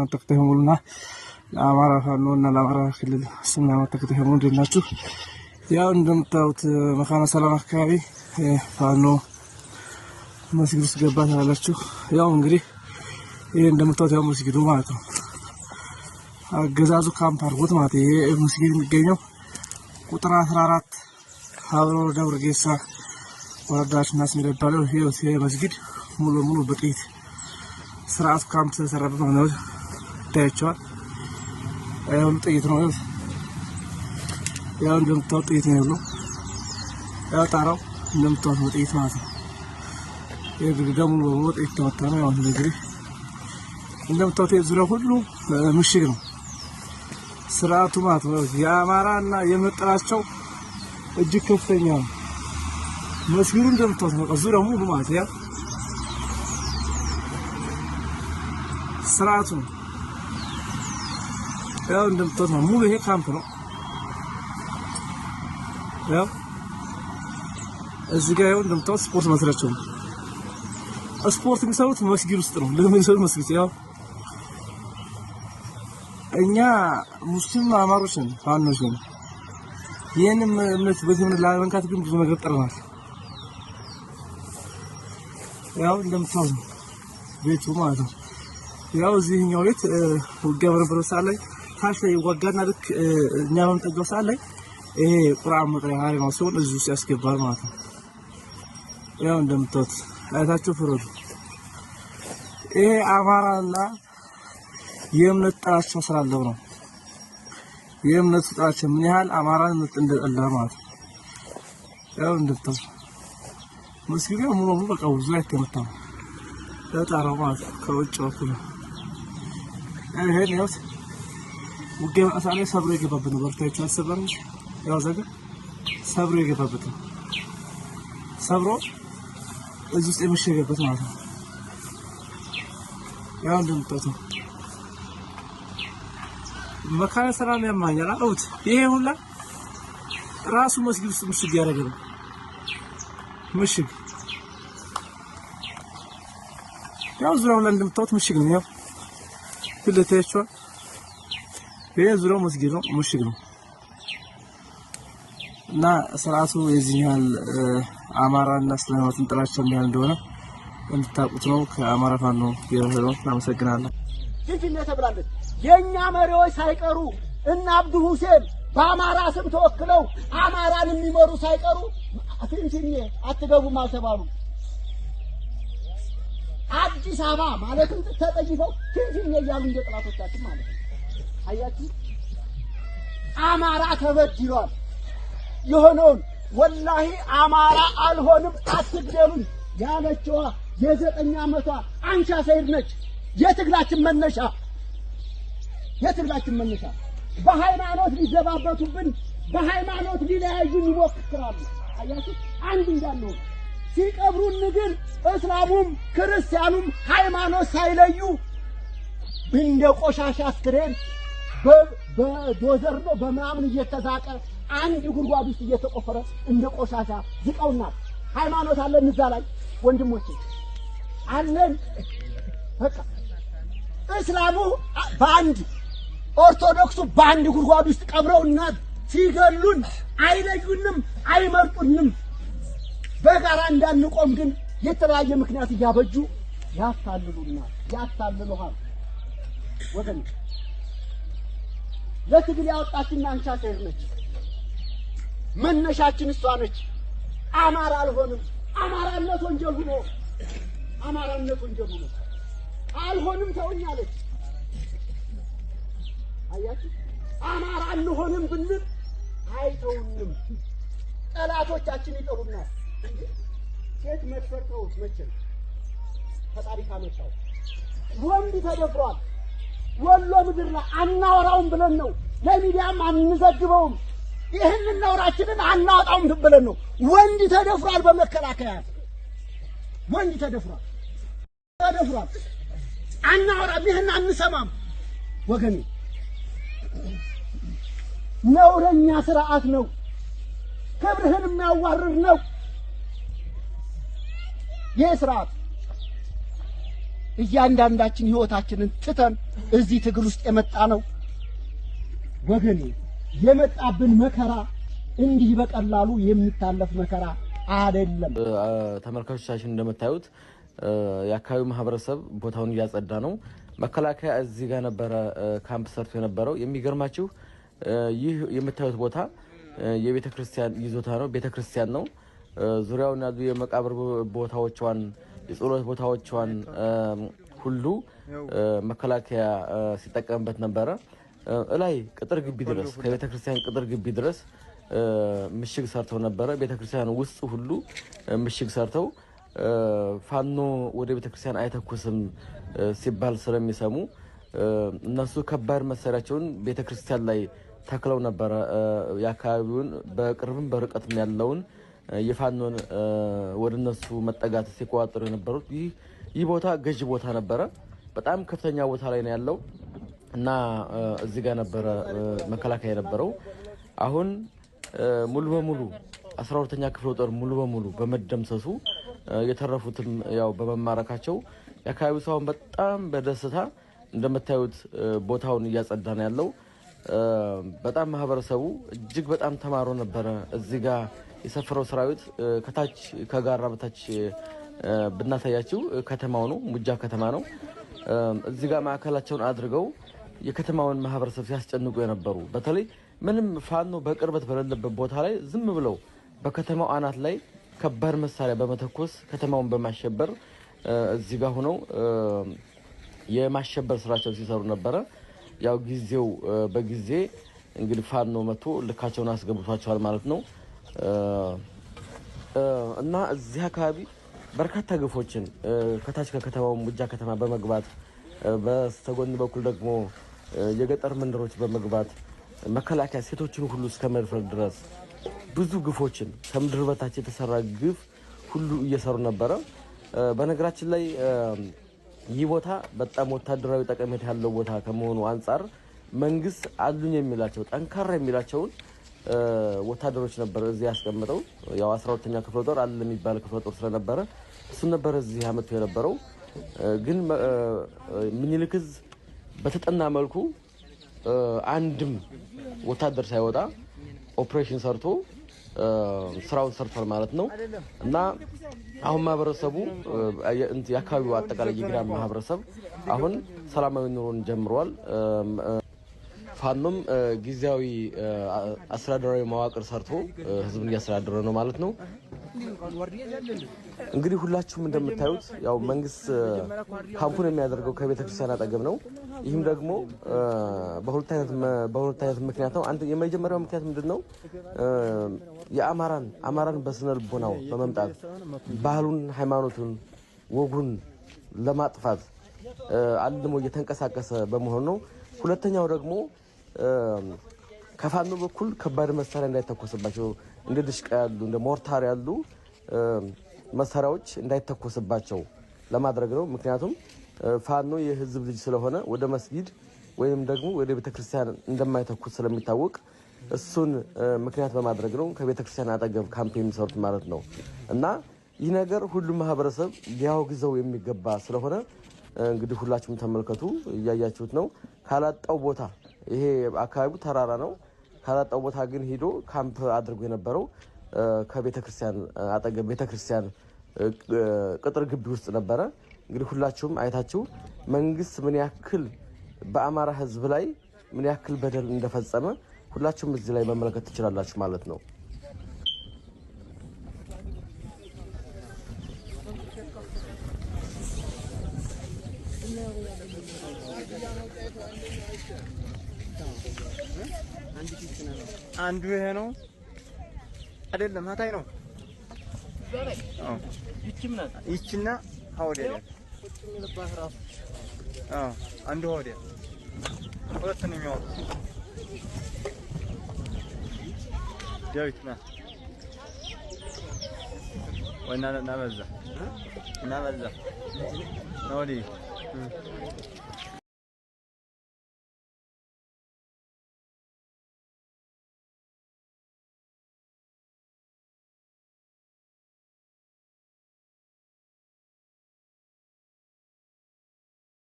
ሰላም አጠፍታ ይሆኑና ለአማራ ፋኖ እና ለአማራ ክልል ሰላም አጠፍታ ይሆኑ እንደናችሁ። ያው እንደምታዩት መካነ ሰላም አካባቢ ፋኖ መስጊድ ውስጥ ገባ ትላላችሁ። ያው እንግዲህ ይሄ እንደምታዩት ያው መስጊዱ ማለት ነው አገዛዙ ካምፕ አድርጎት ማለት ይሄ መስጊድ የሚገኘው ቁጥር 14 ሀብሮ ደብረ ጌሳ ወረዳችን ናስ የሚባለው ይሄ መስጊድ ሙሉ ሙሉ በጥይት ስርዓቱ ካምፕ ስለሰራበት ነው። ይታያቸዋል። ይሁን ጥይት ነው። ያው እንደምታወት ጥይት ነው ያለው። ያው ጣራው እንደምታወት ነው ጥይት ማለት ነው። የግድግዳ ሙሉ በሙሉ ጥይት ተመታ ነው። ያው እንግዲህ ሁሉ ምሽግ ነው ስርዓቱ ማለት ነው። የአማራና እጅግ ከፍተኛ ነው። መስጊዱ እንደምታወት ነው ዙሪያው ሙሉ ማለት ስርዓቱ ነው። ያው እንደምትወት ነው። ሙሉ ይሄ ካምፕ ነው። ያው እዚህ ጋር ያው ስፖርት መስራቸው ስፖርት የሚሰሩት መስጊድ ውስጥ ነው። ለምን መስጊድ ያው እኛ ሙስሊም አማሮች ነን፣ ፋኖች ነን። እምነት በዚህ ምን ግን ብዙ ነገር ጥረናል። ያው ቤቱ ማለት ነው። ያው እዚህኛው ቤት ውጊያ በነበረ ። ሰዓት ላይ ታሽ ላይ ይዋጋና ልክ እኛ በምንጠጋው ሰዓት ላይ ይሄ ቁርአን መቅሪያ አሪማው ሲሆን እዚሁ ውስጥ ያስገባል ማለት ነው። ያው እንደምታዩት አያታችሁ ፍረዱ። ይሄ አማራና የእምነት ጥላቻ ስላለው ነው። የእምነት ጥላቻ ምን ያህል አማራን እንደጠላ ማለት ነው። ያው እንደምታዩት መስጊዱ ሙሉ ሙሉ በቃ ብዙ አይተመታ ነው። ለጣራው ማለት ከውጭ በኩል ይሄን ያው ውጊያ መቀሳ ላይ ሰብሮ የገባበት ነው። በርታችሁ አሰበረ ያው ዘገ ሰብሮ የገባበት ነው። ሰብሮ እዚህ ውስጥ የመሸገበት ማለት ነው። ያው እንደምታውቁት መካነ ሰላም ያማኛል አውት ይሄ ሁላ ራሱ መስጊድ ውስጥ ምሽግ ያደረገ ነው። ምሽግ ያው ዙሪያው ላይ እንደምታውቁት ምሽግ ነው። ያው ሁለታችሁ ይሄ ዙሪያው መስጊድ ነው፣ ሙሽግ ነው እና ስርዓቱ የዚህ ያህል አማራና እስላማትን ጥላቻ የሚያህል እንደሆነ እንድታቁት ነው። ከአማራ ፋኖ የረህለው እናመሰግናለን። ልጅነት ተብላለች። የእኛ መሪዎች ሳይቀሩ እና አብዱ ሁሴን በአማራ ስም ተወክለው አማራን የሚመሩ ሳይቀሩ ፍንፍኔ አትገቡም አልተባሉ። አዲስ አበባ ማለትም ተጠይፈው ፍንፍኔ እያሉ እንደ ጥላቶቻችን ማለት ነው። አያችሁ፣ አማራ ተበድሏል። የሆነውን ወላሂ አማራ አልሆንም አትግደሉኝ ያለችዋ የዘጠኝ ዓመቷ አንሻ ሰይድ ነች። የትግላችን መነሻ የትግላችን መነሻ በሃይማኖት ሊዘባበቱብን፣ በሃይማኖት ሊለያዩን ይሞክራሉ። አያችሁ አንድ እንዳለው ሲቀብሩን ግን እስላሙም ክርስቲያኑም ሃይማኖት ሳይለዩ እንደ ቆሻሻ አስክሬን በዶዘር ነው በምናምን እየተዛቀ አንድ ጉድጓድ ውስጥ እየተቆፈረ እንደ ቆሻሻ ዝቀውናል። ሃይማኖት አለን እዛ ላይ ወንድሞቼ አለን። በቃ እስላሙ በአንድ ኦርቶዶክሱ በአንድ ጉድጓድ ውስጥ ቀብረውና ሲገሉን አይለዩንም፣ አይመርጡንም። በጋራ እንዳንቆም ግን የተለያየ ምክንያት እያበጁ ያታልሉና ያታልሉሃል ወገን ለትግል ያወጣችን አንቻ ሴት ነች። መነሻችን እሷ ነች። አማራ አልሆንም። አማራነት ወንጀል ሆኖ አማራነት ወንጀል ሁኖ አልሆንም ተውኛለች። አያችሁ አማራ አንሆንም ብንል አይተውንም። ጠላቶቻችን ይጠሩናል። ሴት መድፈር ተውት። መቼም ፈጣሪ ካመጣው ወንድ ተደፍሯል። ወሎ ምድር ላይ አናወራውም ብለን ነው። ለሚዲያም አንዘግበውም። ይህንን ነውራችንን አናወጣውም ብለን ነው። ወንድ ተደፍሯል፣ በመከላከያ ወንድ ተደፍሯል፣ ተደፍሯል። አናወራም፣ ይህን አንሰማም። ወገኔ ነውረኛ ስርዓት ነው። ክብርህን የሚያዋርድ ነው ይህ ስርዓት። እያንዳንዳችን ህይወታችንን ትተን እዚህ ትግል ውስጥ የመጣ ነው። ወገኔ የመጣብን መከራ እንዲህ በቀላሉ የሚታለፍ መከራ አይደለም። ተመልካቾቻችን እንደምታዩት የአካባቢው ማህበረሰብ ቦታውን እያጸዳ ነው። መከላከያ እዚህ ጋር ነበረ ካምፕ ሰርቶ የነበረው። የሚገርማችሁ ይህ የምታዩት ቦታ የቤተክርስቲያን ይዞታ ነው። ቤተክርስቲያን ነው። ዙሪያውን ያሉ የመቃብር ቦታዎቿን የጸሎት ቦታዎቿን ሁሉ መከላከያ ሲጠቀምበት ነበረ። እላይ ቅጥር ግቢ ድረስ ከቤተክርስቲያን ቅጥር ግቢ ድረስ ምሽግ ሰርተው ነበረ። ቤተክርስቲያን ውስጥ ሁሉ ምሽግ ሰርተው ፋኖ ወደ ቤተክርስቲያን አይተኩስም ሲባል ስለሚሰሙ እነሱ ከባድ መሳሪያቸውን ቤተክርስቲያን ላይ ተክለው ነበረ። የአካባቢውን በቅርብም በርቀትም ያለውን የፋኖን ወደ እነሱ መጠጋት ሲቆጣጠሩ የነበሩት። ይህ ቦታ ገዥ ቦታ ነበረ። በጣም ከፍተኛ ቦታ ላይ ነው ያለው እና እዚህ ጋር ነበረ መከላከያ የነበረው። አሁን ሙሉ በሙሉ አስራ ሁለተኛ ክፍለ ጦር ሙሉ በሙሉ በመደምሰሱ የተረፉትም ያው በመማረካቸው የአካባቢው ሰውን በጣም በደስታ እንደምታዩት ቦታውን እያጸዳ ነው ያለው። በጣም ማህበረሰቡ እጅግ በጣም ተማሮ ነበረ እዚህ ጋር የሰፈረው ሰራዊት ከታች ከጋራ በታች ብናሳያችው ከተማው ነው፣ ሙጃ ከተማ ነው። እዚህ ጋር ማዕከላቸውን አድርገው የከተማውን ማህበረሰብ ሲያስጨንቁ የነበሩ በተለይ ምንም ፋኖ በቅርበት በሌለበት ቦታ ላይ ዝም ብለው በከተማው አናት ላይ ከባድ መሳሪያ በመተኮስ ከተማውን በማሸበር እዚህ ጋር ሆነው የማሸበር ስራቸው ሲሰሩ ነበረ። ያው ጊዜው በጊዜ እንግዲህ ፋኖ መጥቶ ልካቸውን አስገብቷቸዋል ማለት ነው። እና እዚህ አካባቢ በርካታ ግፎችን ከታች ከከተማው ሙጃ ከተማ በመግባት በስተጎን በኩል ደግሞ የገጠር መንደሮች በመግባት መከላከያ ሴቶችን ሁሉ እስከ መድፈር ድረስ ብዙ ግፎችን ከምድር በታች የተሰራ ግፍ ሁሉ እየሰሩ ነበረ። በነገራችን ላይ ይህ ቦታ በጣም ወታደራዊ ጠቀሜታ ያለው ቦታ ከመሆኑ አንጻር መንግስት አሉኝ የሚላቸው ጠንካራ የሚላቸውን ወታደሮች ነበር እዚህ ያስቀምጠው ያው አስራ ሁለተኛ ክፍለ ጦር አለ የሚባል ክፍለ ጦር ስለነበረ እሱን ነበር እዚህ አመጥተው የነበረው። ግን ምኒልክ በተጠና መልኩ አንድም ወታደር ሳይወጣ ኦፕሬሽን ሰርቶ ስራውን ሰርቷል ማለት ነው። እና አሁን ማህበረሰቡ የአካባቢው አጠቃላይ የግዳ ማህበረሰብ አሁን ሰላማዊ ኑሮን ጀምሯል። ፋኖም ጊዜያዊ አስተዳደራዊ መዋቅር ሰርቶ ህዝብን እያስተዳደረ ነው ማለት ነው። እንግዲህ ሁላችሁም እንደምታዩት ያው መንግስት ካምፑን የሚያደርገው ከቤተክርስቲያን አጠገብ ነው። ይህም ደግሞ በሁለት አይነት ምክንያት ነው። የመጀመሪያው ምክንያት ምንድን ነው? የአማራን አማራን በስነ ልቦናው በመምጣት ባህሉን፣ ሃይማኖቱን፣ ወጉን ለማጥፋት አልሞ እየተንቀሳቀሰ በመሆኑ ነው። ሁለተኛው ደግሞ ከፋኖ በኩል ከባድ መሳሪያ እንዳይተኮስባቸው እንደ ድሽቃ ያሉ እንደ ሞርታር ያሉ መሳሪያዎች እንዳይተኮስባቸው ለማድረግ ነው። ምክንያቱም ፋኖ የህዝብ ልጅ ስለሆነ ወደ መስጊድ ወይም ደግሞ ወደ ቤተክርስቲያን እንደማይተኩስ ስለሚታወቅ እሱን ምክንያት በማድረግ ነው ከቤተክርስቲያን አጠገብ ካምፕ የሚሰሩት ማለት ነው። እና ይህ ነገር ሁሉም ማህበረሰብ ሊያወግዘው የሚገባ ስለሆነ እንግዲህ ሁላችሁም ተመልከቱ፣ እያያችሁት ነው ካላጣው ቦታ ይሄ አካባቢው ተራራ ነው። ካላጣው ቦታ ግን ሄዶ ካምፕ አድርጎ የነበረው ከቤተክርስቲያን አጠገብ ቤተክርስቲያን ቅጥር ግቢ ውስጥ ነበረ። እንግዲህ ሁላችሁም አይታችሁ መንግስት ምን ያክል በአማራ ህዝብ ላይ ምን ያክል በደል እንደፈጸመ ሁላችሁም እዚህ ላይ መመለከት ትችላላችሁ ማለት ነው። አንዱ ይሄ ነው አይደለም፣ ሀታይ ነው። ይችና ሀውዲያ አንዱ ሀውዴ ሁለት ነው የሚያወጡ ዳዊት ና ወይና እና በዛ ነው በዛ ነው